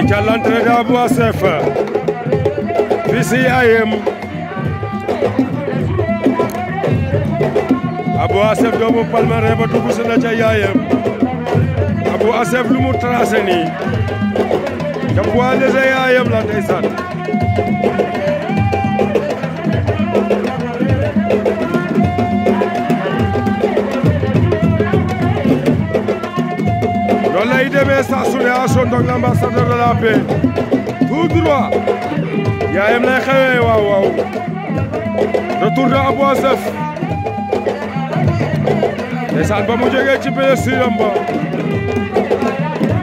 ay ca l'entrée de Abou Assef fii si ayem Abou Assef doomu Palmarin ba dugg si ca yaayam Abou Assef lu mu tracé nii ca poids léger yaayam la ndeysaan demee saa su ne à Sondong l' ambassadeur de la paix tout droit yaayam xewee waaw waaw retour de Abou Assef ndeysaan ba mu jógee ci blessure am ba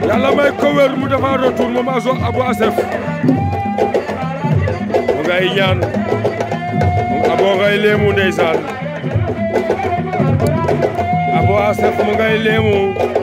yàlla may ko mu dafa retour moom azo Abou Assef mu ngay ñaan mu aboo ngay léemu ndeysaan Abou Assef mu ngay léemu